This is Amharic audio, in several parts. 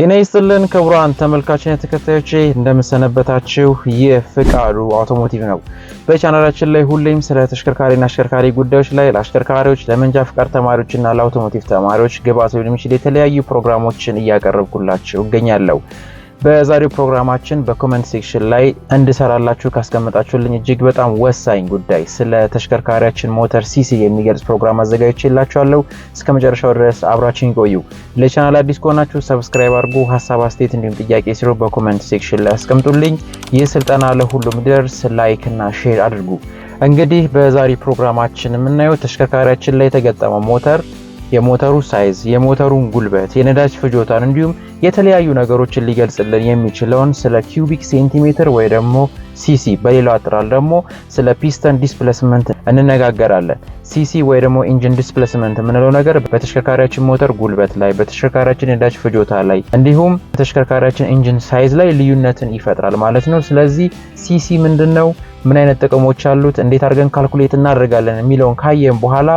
ጤና ይስጥልን ክቡራን ተመልካችን ተከታዮቼ፣ እንደምሰነበታችሁ የፍቃዱ አውቶሞቲቭ ነው። በቻናላችን ላይ ሁሌም ስለ ተሽከርካሪና አሽከርካሪ ጉዳዮች ላይ ለአሽከርካሪዎች፣ ለመንጃ ፍቃድ ተማሪዎችና ለአውቶሞቲቭ ተማሪዎች ግብዓት ሊሆን የሚችል የተለያዩ ፕሮግራሞችን እያቀረብኩላችሁ እገኛለሁ። በዛሬው ፕሮግራማችን በኮመንት ሴክሽን ላይ እንድሰራላችሁ ካስቀመጣችሁልኝ እጅግ በጣም ወሳኝ ጉዳይ ስለ ተሽከርካሪያችን ሞተር ሲሲ የሚገልጽ ፕሮግራም አዘጋጅቼላችኋለሁ። እስከ መጨረሻው ድረስ አብራችን ይቆዩ። ለቻናል አዲስ ከሆናችሁ ሰብስክራይብ አድርጉ። ሀሳብ አስተያየት፣ እንዲሁም ጥያቄ ሲሮ በኮመንት ሴክሽን ላይ አስቀምጡልኝ። ይህ ስልጠና ለሁሉም ደርስ ላይክ እና ሼር አድርጉ። እንግዲህ በዛሬ ፕሮግራማችን የምናየው ተሽከርካሪያችን ላይ የተገጠመው ሞተር የሞተሩ ሳይዝ፣ የሞተሩን ጉልበት፣ የነዳጅ ፍጆታን እንዲሁም የተለያዩ ነገሮችን ሊገልጽልን የሚችለውን ስለ ኪዩቢክ ሴንቲሜትር ወይ ደግሞ ሲሲ በሌላ አጠራር ደግሞ ስለ ፒስተን ዲስፕሌስመንት እንነጋገራለን። ሲሲ ወይ ደግሞ ኢንጂን ዲስፕሌስመንት የምንለው ነገር በተሽከርካሪያችን ሞተር ጉልበት ላይ፣ በተሽከርካሪያችን ነዳጅ ፍጆታ ላይ እንዲሁም በተሽከርካሪያችን ኢንጂን ሳይዝ ላይ ልዩነትን ይፈጥራል ማለት ነው። ስለዚህ ሲሲ ምንድን ነው? ምን አይነት ጥቅሞች አሉት? እንዴት አድርገን ካልኩሌት እናደርጋለን የሚለውን ካየን በኋላ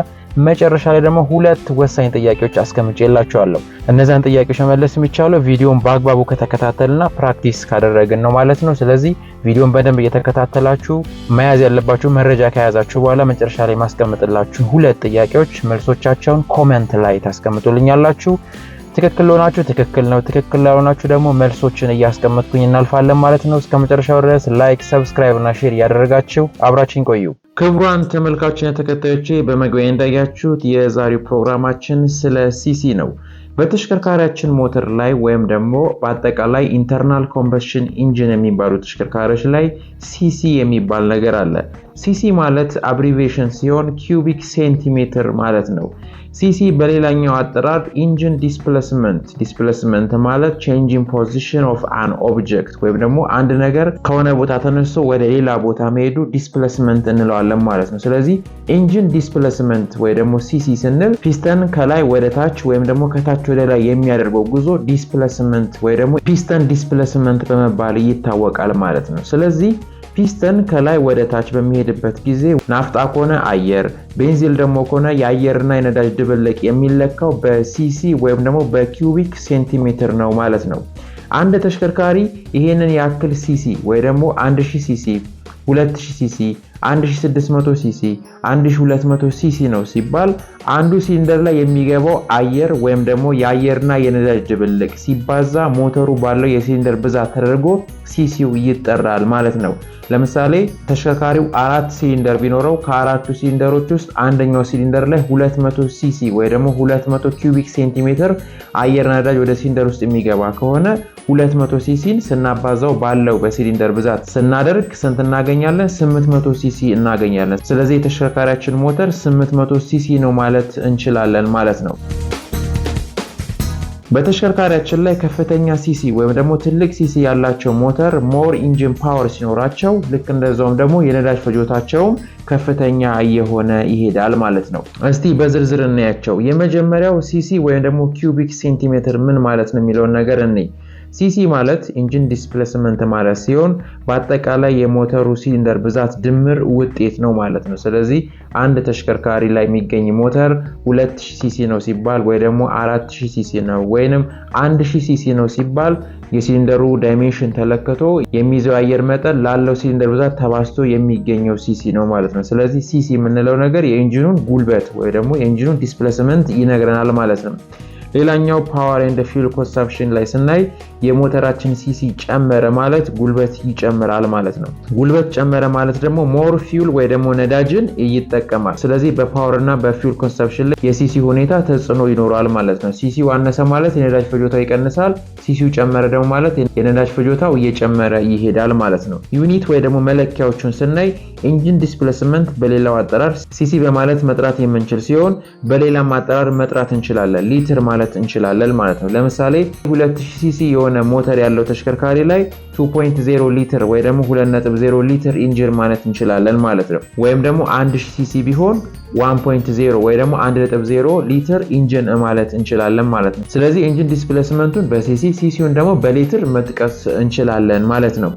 መጨረሻ ላይ ደግሞ ሁለት ወሳኝ ጥያቄዎች አስቀምጬላችኋለሁ። እነዛን ጥያቄዎች መመለስ የሚቻለው ቪዲዮን በአግባቡ ከተከታተልና ፕራክቲስ ካደረግን ነው ማለት ነው። ስለዚህ ቪዲዮን በደንብ እየተከታተላችሁ መያዝ ያለባችሁ መረጃ ከያዛችሁ በኋላ መጨረሻ ላይ ማስቀምጥላችሁ ሁለት ጥያቄዎች መልሶቻቸውን ኮመንት ላይ ታስቀምጡልኛላችሁ። ትክክል ሆናችሁ ትክክል ነው፣ ትክክል ላልሆናችሁ ደግሞ መልሶችን እያስቀመጥኩኝ እናልፋለን ማለት ነው። እስከ መጨረሻው ድረስ ላይክ፣ ሰብስክራይብ እና ሼር እያደረጋችሁ አብራችን ቆዩ። ክቡራን ተመልካችን ተከታዮቼ በመግቢያ እንዳያችሁት የዛሬው ፕሮግራማችን ስለ ሲሲ ነው። በተሽከርካሪያችን ሞተር ላይ ወይም ደግሞ በአጠቃላይ ኢንተርናል ኮምበሽን ኢንጂን የሚባሉ ተሽከርካሪዎች ላይ ሲሲ የሚባል ነገር አለ። ሲሲ ማለት አብሪቬሽን ሲሆን ኪዩቢክ ሴንቲሜትር ማለት ነው። ሲሲ በሌላኛው አጠራር ኢንጂን ዲስፕሌስመንት፣ ዲስፕሌስመንት ማለት ቼንጅ ፖዚሽን ኦፍ አን ኦብጀክት ወይም ደግሞ አንድ ነገር ከሆነ ቦታ ተነስቶ ወደ ሌላ ቦታ መሄዱ ዲስፕሌስመንት እንለዋለን ማለት ነው። ስለዚህ ኢንጂን ዲስፕሌስመንት ወይ ደግሞ ሲሲ ስንል ፒስተን ከላይ ወደ ታች ወይም ደግሞ ከታች ወደ ላይ የሚያደርገው ጉዞ ዲስፕሌስመንት ወይ ደግሞ ፒስተን ዲስፕሌስመንት በመባል ይታወቃል ማለት ነው። ስለዚህ ፒስተን ከላይ ወደ ታች በሚሄድበት ጊዜ ናፍጣ ከሆነ አየር፣ ቤንዚል ደግሞ ከሆነ የአየርና የነዳጅ ድብልቅ የሚለካው በሲሲ ወይም ደግሞ በኪዩቢክ ሴንቲሜትር ነው ማለት ነው። አንድ ተሽከርካሪ ይሄንን ያክል ሲሲ ወይ ደግሞ 1000 ሲሲ 2000 ሲሲ 1600 ሲሲ 1200 ሲሲ ነው ሲባል አንዱ ሲሊንደር ላይ የሚገባው አየር ወይም ደግሞ የአየርና የነዳጅ ድብልቅ ሲባዛ ሞተሩ ባለው የሲሊንደር ብዛት ተደርጎ ሲሲው ይጠራል ማለት ነው። ለምሳሌ ተሽከርካሪው አራት ሲሊንደር ቢኖረው ከአራቱ ሲሊንደሮች ውስጥ አንደኛው ሲሊንደር ላይ 200 ሲሲ ወይ ደግሞ 200 ኪዩቢክ ሴንቲሜትር አየር ነዳጅ ወደ ሲሊንደር ውስጥ የሚገባ ከሆነ 200 ሲሲን ስናባዛው ባለው በሲሊንደር ብዛት ስናደርግ ስንት እናገኛለን? 800 ሲሲ እናገኛለን። ስለዚህ የተሽከርካሪያችን ሞተር 800 ሲሲ ነው ማለት ማለት እንችላለን ማለት ነው። በተሽከርካሪያችን ላይ ከፍተኛ ሲሲ ወይም ደግሞ ትልቅ ሲሲ ያላቸው ሞተር ሞር ኢንጂን ፓወር ሲኖራቸው ልክ እንደዛውም ደግሞ የነዳጅ ፈጆታቸውም ከፍተኛ እየሆነ ይሄዳል ማለት ነው። እስቲ በዝርዝር እናያቸው። የመጀመሪያው ሲሲ ወይም ደግሞ ኪዩቢክ ሴንቲሜትር ምን ማለት ነው የሚለውን ነገር እኔ ሲሲ ማለት ኢንጂን ዲስፕሌስመንት ማለት ሲሆን በአጠቃላይ የሞተሩ ሲሊንደር ብዛት ድምር ውጤት ነው ማለት ነው። ስለዚህ አንድ ተሽከርካሪ ላይ የሚገኝ ሞተር 2000 ሲሲ ነው ሲባል ወይ ደግሞ 4000 ሲሲ ነው ወይንም 1000 ሲሲ ነው ሲባል የሲሊንደሩ ዳይሜንሽን ተለክቶ የሚይዘው አየር መጠን ላለው ሲሊንደር ብዛት ተባዝቶ የሚገኘው ሲሲ ነው ማለት ነው። ስለዚህ ሲሲ የምንለው ነገር የኢንጂኑን ጉልበት ወይ ደግሞ የኢንጂኑን ዲስፕሌስመንት ይነግረናል ማለት ነው። ሌላኛው ፓወር ኤንድ ፊውል ኮንሰምፕሽን ላይ ስናይ የሞተራችን ሲሲ ጨመረ ማለት ጉልበት ይጨምራል ማለት ነው። ጉልበት ጨመረ ማለት ደግሞ ሞር ፊውል ወይ ደግሞ ነዳጅን ይጠቀማል። ስለዚህ በፓወር እና በፊውል ኮንሰፕሽን ላይ የሲሲ ሁኔታ ተጽዕኖ ይኖራል ማለት ነው። ሲሲ ዋነሰ ማለት የነዳጅ ፍጆታው ይቀንሳል። ሲሲው ጨመረ ደግሞ ማለት የነዳጅ ፍጆታው እየጨመረ ይሄዳል ማለት ነው። ዩኒት ወይ ደግሞ መለኪያዎቹን ስናይ ኢንጂን ዲስፕሌስመንት በሌላው አጠራር ሲሲ በማለት መጥራት የምንችል ሲሆን በሌላም አጠራር መጥራት እንችላለን፣ ሊትር ማለት እንችላለን ማለት ነው። ለምሳሌ 2000 ሲሲ የሆነ ሞተር ያለው ተሽከርካሪ ላይ 2.0 ሊትር ወይ ደግሞ 2.0 ሊትር ኢንጂን ማለት እንችላለን ማለት ነው። ወይም ደግሞ 1000 ሲሲ ቢሆን 1.0 ወይ ደግሞ 1.0 ሊትር ኢንጂን ማለት እንችላለን ማለት ነው። ስለዚህ ኢንጂን ዲስፕሌስመንቱን በሲሲ ሲሲውን ደግሞ በሊትር መጥቀስ እንችላለን ማለት ነው።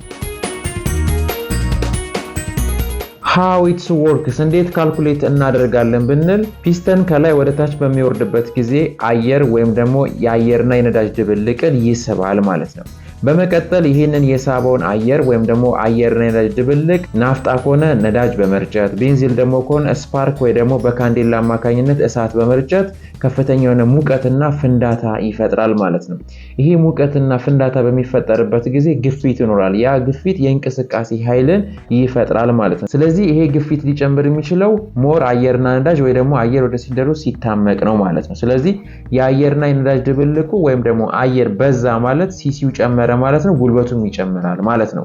how it works እንዴት ካልኩሌት እናደርጋለን ብንል ፒስተን ከላይ ወደ ታች በሚወርድበት ጊዜ አየር ወይም ደግሞ የአየርና የነዳጅ ድብልቅን ይስባል ማለት ነው። በመቀጠል ይህንን የሳበውን አየር ወይም ደግሞ አየር ነዳጅ ድብልቅ ናፍጣ ከሆነ ነዳጅ በመርጨት ቤንዚል ደግሞ ከሆነ ስፓርክ ወይ ደግሞ በካንዴላ አማካኝነት እሳት በመርጨት ከፍተኛ የሆነ ሙቀትና ፍንዳታ ይፈጥራል ማለት ነው። ይሄ ሙቀትና ፍንዳታ በሚፈጠርበት ጊዜ ግፊት ይኖራል። ያ ግፊት የእንቅስቃሴ ኃይልን ይፈጥራል ማለት ነው። ስለዚህ ይሄ ግፊት ሊጨምር የሚችለው ሞር አየርና ነዳጅ ወይ ደግሞ አየር ወደ ሲደሩ ሲታመቅ ነው ማለት ነው። ስለዚህ የአየርና የነዳጅ ድብልቁ ወይም ደግሞ አየር በዛ ማለት ሲሲው ጨመረ ጨመረ ማለት ነው ጉልበቱም ይጨምራል ማለት ነው።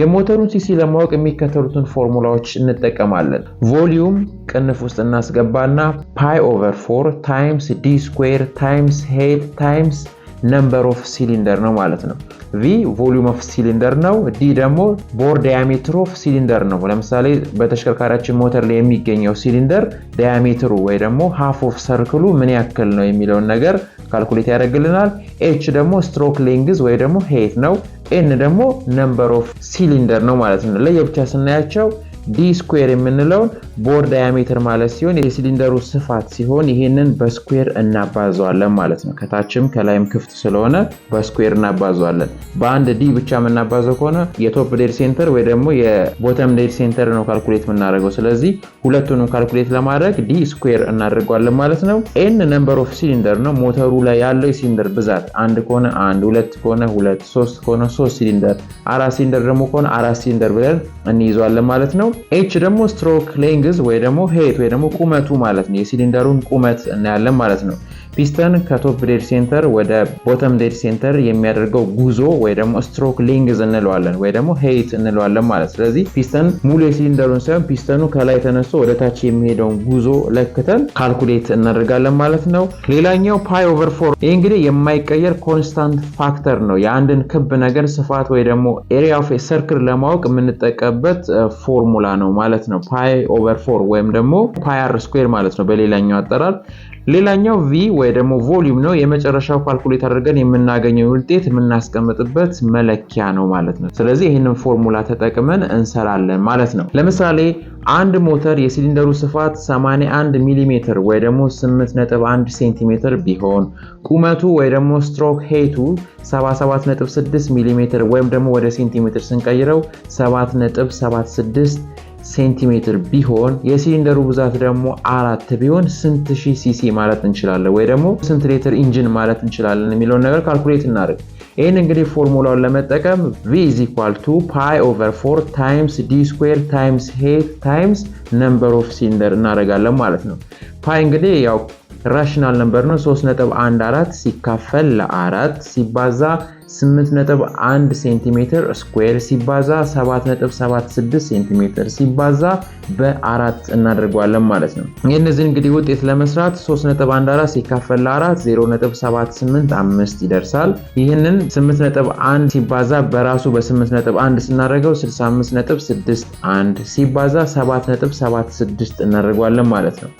የሞተሩን ሲሲ ለማወቅ የሚከተሉትን ፎርሙላዎች እንጠቀማለን። ቮሊዩም ቅንፍ ውስጥ እናስገባና ፓይ ኦቨር 4 ታይምስ ዲ ስኩዌር ታይምስ ሄድ ታይምስ ነምበር ኦፍ ሲሊንደር ነው ማለት ነው። ቪ ቮሊዩም ኦፍ ሲሊንደር ነው። ዲ ደግሞ ቦር ዳያሜትር ኦፍ ሲሊንደር ነው። ለምሳሌ በተሽከርካሪያችን ሞተር ላይ የሚገኘው ሲሊንደር ዳያሜትሩ ወይ ደግሞ ሃፍ ኦፍ ሰርክሉ ምን ያክል ነው የሚለውን ነገር ካልኩሌት ያደርግልናል። ኤች ደግሞ ስትሮክ ሌንግዝ ወይ ደግሞ ሄት ነው። ኤን ደግሞ ነምበር ኦፍ ሲሊንደር ነው ማለት ነው። ለየብቻ ስናያቸው ዲ ስኩዌር የምንለውን ቦር ዳያሜትር ማለት ሲሆን የሲሊንደሩ ስፋት ሲሆን ይህንን በስኩዌር እናባዘዋለን ማለት ነው። ከታችም ከላይም ክፍት ስለሆነ በስኩዌር እናባዘዋለን። በአንድ ዲ ብቻ የምናባዘው ከሆነ የቶፕ ዴድ ሴንተር ወይ ደግሞ የቦተም ዴድ ሴንተር ነው ካልኩሌት የምናደርገው። ስለዚህ ሁለቱንም ካልኩሌት ለማድረግ ዲ ስኩዌር እናደርገዋለን ማለት ነው። ኤን ነምበር ኦፍ ሲሊንደር ነው ሞተሩ ላይ ያለው የሲሊንደር ብዛት አንድ ከሆነ አንድ፣ ሁለት ከሆነ ሁለት፣ ሶስት ከሆነ ሶስት ሲሊንደር፣ አራት ሲሊንደር ደግሞ ከሆነ አራት ሲሊንደር ብለን እንይዘዋለን ማለት ነው። ኤች ደግሞ ስትሮክ ሌንግዝ ወይ ደግሞ ሄት ወይ ደግሞ ቁመቱ ማለት ነው። የሲሊንደሩን ቁመት እናያለን ማለት ነው። ፒስተን ከቶፕ ዴድ ሴንተር ወደ ቦተም ዴድ ሴንተር የሚያደርገው ጉዞ ወይ ደግሞ ስትሮክ ሊንግዝ እንለዋለን ወይ ደግሞ ሄይት እንለዋለን ማለት። ስለዚህ ፒስተን ሙሉ የሲሊንደሩን ሳይሆን ፒስተኑ ከላይ ተነስቶ ወደ ታች የሚሄደውን ጉዞ ለክተን ካልኩሌት እናደርጋለን ማለት ነው። ሌላኛው ፓይ ኦቨር ፎር፣ ይህ እንግዲህ የማይቀየር ኮንስታንት ፋክተር ነው። የአንድን ክብ ነገር ስፋት ወይ ደግሞ ኤሪያ ኦፍ ሰርክል ለማወቅ የምንጠቀምበት ፎርሙላ ነው ማለት ነው። ፓይ ኦቨር ፎር ወይም ደግሞ ፓይ አር ስኩዌር ማለት ነው በሌላኛው አጠራር ሌላኛው ቪ ወይ ደግሞ ቮሊዩም ነው። የመጨረሻው ካልኩሌት አድርገን የምናገኘው ውጤት የምናስቀምጥበት መለኪያ ነው ማለት ነው። ስለዚህ ይህንን ፎርሙላ ተጠቅመን እንሰራለን ማለት ነው። ለምሳሌ አንድ ሞተር የሲሊንደሩ ስፋት 81 ሚሜ ወይ ደግሞ 8.1 ሴንቲሜትር ቢሆን ቁመቱ ወይ ደግሞ ስትሮክ ሄቱ 77.6 ሚሜ ወይም ደግሞ ወደ ሴንቲሜትር ስንቀይረው 7.76 ሴንቲሜትር ቢሆን የሲሊንደሩ ብዛት ደግሞ አራት ቢሆን ስንት ሺ ሲሲ ማለት እንችላለን ወይ ደግሞ ስንት ሌትር ኢንጂን ማለት እንችላለን የሚለውን ነገር ካልኩሌት እናደርግ። ይህን እንግዲህ ፎርሙላውን ለመጠቀም ቪ ኢዝ ኢኳል ቱ ፓይ ኦቨር ፎር ታይምስ ዲ ስኩዌር ታይምስ ሄት ታይምስ ነምበር ኦፍ ሲሊንደር እናደርጋለን ማለት ነው። ፓይ እንግዲህ ያው ራሽናል ነምበር ነው። 3.14 ሲካፈል ለአራት ሲባዛ 8.1 ሴንቲሜትር ስኩዌር ሲባዛ 7.76 ሴንቲሜትር ሲባዛ በአራት እናደርገዋለን ማለት ነው። የእነዚህን እንግዲህ ውጤት ለመስራት 3.14 ሲካፈል ለአራት 0.785 ይደርሳል። ይህንን 8.1 ሲባዛ በራሱ በ8.1 ስናደርገው 65.61 ሲባዛ 7.76 እናደርገዋለን ማለት ነው።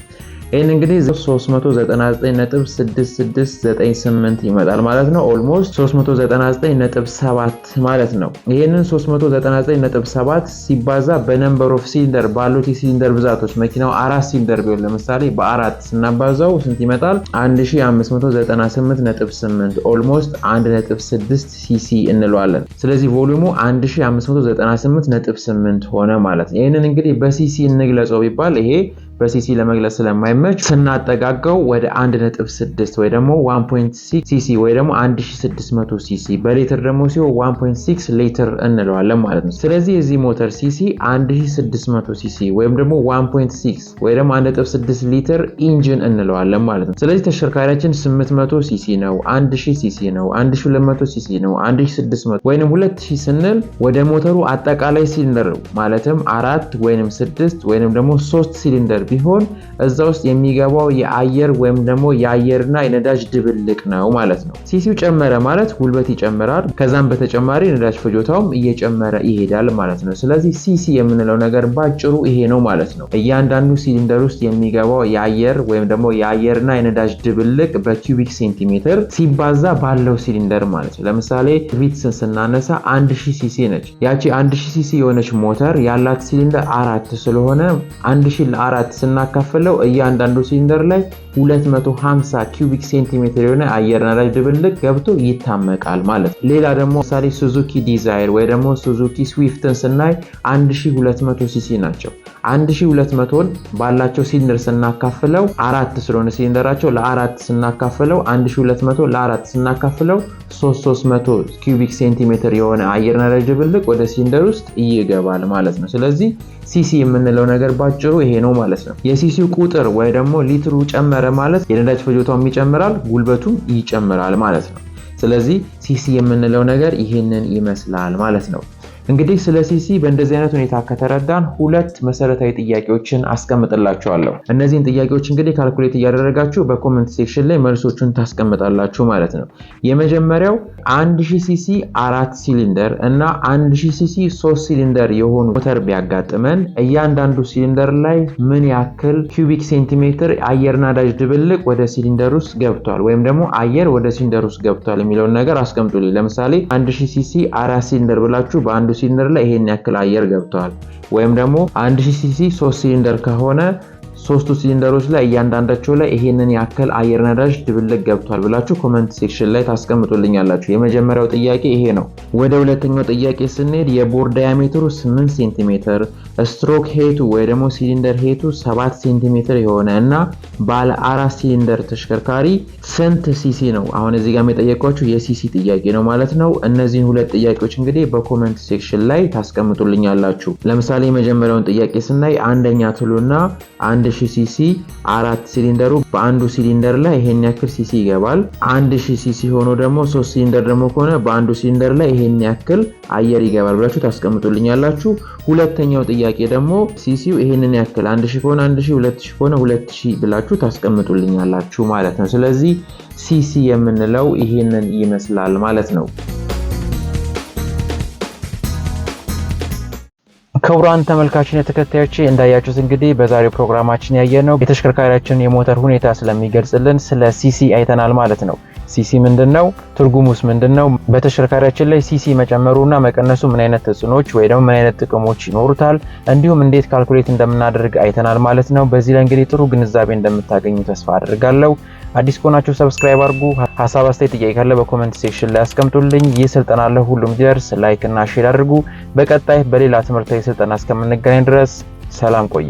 ይህን እንግዲህ 399.6698 ይመጣል ማለት ነው። ኦልሞስት 399.7 ማለት ነው። ይህንን 399.7 ሲባዛ በነምበር ኦፍ ሲሊንደር ባሉት የሲሊንደር ብዛቶች መኪናው አራት ሲሊንደር ቢሆን ለምሳሌ በአራት ስናባዛው ስንት ይመጣል? 1598.8 ኦልሞስት 1.6 ሲሲ እንለዋለን። ስለዚህ ቮሊሙ 1598.8 ሆነ ማለት ነው። ይህንን እንግዲህ በሲሲ እንግለጸው ቢባል ይሄ በሲሲ ለመግለጽ ስለማይመች ስናጠጋገው ወደ 1.6 ወይ ደግሞ 1.6 ሲሲ ወይ ደግሞ 1600 ሲሲ በሌትር ደግሞ ሲሆን 1.6 ሌትር እንለዋለን ማለት ነው። ስለዚህ የዚህ ሞተር ሲሲ 1600 ሲሲ ወይም ደግሞ 1.6 ወይ ደግሞ 1.6 ሊትር ኢንጂን እንለዋለን ማለት ነው። ስለዚህ ተሽከርካሪያችን 800 ሲሲ ነው፣ 1000 ሲሲ ነው፣ 1200 ሲሲ ነው፣ 1600 ወይም 2000 ስንል ወደ ሞተሩ አጠቃላይ ሲሊንደር ማለትም አራት ወይም ስድስት ወይም ደግሞ ሶስት ሲሊንደር ቢሆን እዛ ውስጥ የሚገባው የአየር ወይም ደግሞ የአየርና የነዳጅ ድብልቅ ነው ማለት ነው። ሲሲው ጨመረ ማለት ጉልበት ይጨምራል። ከዛም በተጨማሪ ነዳጅ ፍጆታውም እየጨመረ ይሄዳል ማለት ነው። ስለዚህ ሲሲ የምንለው ነገር ባጭሩ ይሄ ነው ማለት ነው። እያንዳንዱ ሲሊንደር ውስጥ የሚገባው የአየር ወይም ደግሞ የአየርና የነዳጅ ድብልቅ በኪዩቢክ ሴንቲሜትር ሲባዛ ባለው ሲሊንደር ማለት ነው። ለምሳሌ ቪትስን ስናነሳ 1000 ሲሲ ነች። ያቺ 1000 ሲሲ የሆነች ሞተር ያላት ሲሊንደር አራት ስለሆነ 1000 ለአራት ስናካፍለው እያንዳንዱ ሲሊንደር ላይ 250 ኪዩቢክ ሴንቲሜትር የሆነ አየር ነዳጅ ድብልቅ ገብቶ ይታመቃል ማለት ነው። ሌላ ደግሞ ምሳሌ ሱዙኪ ዲዛይር ወይ ደግሞ ሱዙኪ ስዊፍትን ስናይ 1200 ሲሲ ናቸው። 1200ን ባላቸው ሲሊንደር ስናካፍለው አራት ስለሆነ ሲሊንደራቸው ለአራት ስናካፍለው 1200 ለአራት ስናካፍለው 3300 ኪዩቢክ ሴንቲሜትር የሆነ አየር ደረጃ ድብልቅ ወደ ሲንደር ውስጥ ይገባል ማለት ነው። ስለዚህ ሲሲ የምንለው ነገር ባጭሩ ይሄ ነው ማለት ነው። የሲሲው ቁጥር ወይ ደግሞ ሊትሩ ጨመረ ማለት የነዳጅ ፍጆታውም ይጨምራል፣ ጉልበቱም ይጨምራል ማለት ነው። ስለዚህ ሲሲ የምንለው ነገር ይህንን ይመስላል ማለት ነው። እንግዲህ ስለ ሲሲ በእንደዚህ አይነት ሁኔታ ከተረዳን ሁለት መሰረታዊ ጥያቄዎችን አስቀምጥላችኋለሁ። እነዚህን ጥያቄዎች እንግዲህ ካልኩሌት እያደረጋችሁ በኮመንት ሴክሽን ላይ መልሶቹን ታስቀምጣላችሁ ማለት ነው። የመጀመሪያው 1000 ሲሲ አራት ሲሊንደር እና 1000 ሲሲ ሶስት ሲሊንደር የሆኑ ሞተር ቢያጋጥመን እያንዳንዱ ሲሊንደር ላይ ምን ያክል ኪዩቢክ ሴንቲሜትር አየርና ዳጅ ድብልቅ ወደ ሲሊንደር ውስጥ ገብቷል ወይም ደግሞ አየር ወደ ሲሊንደር ውስጥ ገብቷል የሚለውን ነገር አስቀምጡልኝ። ለምሳሌ 1000 ሲሲ አራት ሲሊንደር ብላችሁ በአንዱ ሲሊንደር ላይ ይሄን ያክል አየር ገብተዋል ወይም ደግሞ 1000 ሲሲ 3 ሲሊንደር ከሆነ ሶስቱ ሲሊንደሮች ላይ እያንዳንዳቸው ላይ ይሄንን ያክል አየር ነዳጅ ድብልቅ ገብቷል ብላችሁ ኮመንት ሴክሽን ላይ ታስቀምጡልኛላችሁ። የመጀመሪያው ጥያቄ ይሄ ነው። ወደ ሁለተኛው ጥያቄ ስንሄድ የቦር ዳያሜትሩ 8 ሴንቲሜትር ስትሮክ ሄቱ ወይ ደግሞ ሲሊንደር ሄቱ 7 ሴንቲሜትር የሆነ እና ባለ አራት ሲሊንደር ተሽከርካሪ ስንት ሲሲ ነው? አሁን እዚህ ጋር የጠየቋችሁ የሲሲ ጥያቄ ነው ማለት ነው። እነዚህን ሁለት ጥያቄዎች እንግዲህ በኮመንት ሴክሽን ላይ ታስቀምጡልኛላችሁ። ለምሳሌ የመጀመሪያውን ጥያቄ ስናይ አንደኛ ትሉና አንድ 1000 ሲሲ አራት ሲሊንደሩ በአንዱ ሲሊንደር ላይ ይሄን ያክል ሲሲ ይገባል። 1000 ሲሲ ሆኖ ደግሞ ሶስት ሲሊንደር ደግሞ ከሆነ በአንዱ ሲሊንደር ላይ ይሄን ያክል አየር ይገባል ብላችሁ ታስቀምጡልኛላችሁ። ሁለተኛው ጥያቄ ደግሞ ሲሲው ይሄንን ያክል 1000 ከሆነ 1000፣ 2000 ከሆነ 2000 ብላችሁ ታስቀምጡልኛላችሁ ማለት ነው። ስለዚህ ሲሲ የምንለው ይሄንን ይመስላል ማለት ነው። ክቡራን ተመልካችን የተከታዮች እንዳያችሁት እንግዲህ በዛሬው ፕሮግራማችን ያየነው የተሽከርካሪያችን የሞተር ሁኔታ ስለሚገልጽልን ስለ ሲሲ አይተናል ማለት ነው። ሲሲ ምንድን ነው? ትርጉሙስ ምንድን ነው? በተሽከርካሪያችን ላይ ሲሲ መጨመሩና መቀነሱ ምን አይነት ተጽዕኖች ወይ ደግሞ ምን አይነት ጥቅሞች ይኖሩታል፣ እንዲሁም እንዴት ካልኩሌት እንደምናደርግ አይተናል ማለት ነው። በዚህ ላይ እንግዲህ ጥሩ ግንዛቤ እንደምታገኙ ተስፋ አድርጋለሁ። አዲስ ከሆናችሁ ሰብስክራይብ አድርጉ። ሀሳብ አስተያየት፣ ጥያቄ ካለ በኮመንት ሴክሽን ላይ አስቀምጡልኝ። ይህ ስልጠና ለሁሉም ይደርስ ላይክ እና ሼር አድርጉ። በቀጣይ በሌላ ትምህርታዊ ስልጠና እስከምንገናኝ ድረስ ሰላም ቆይ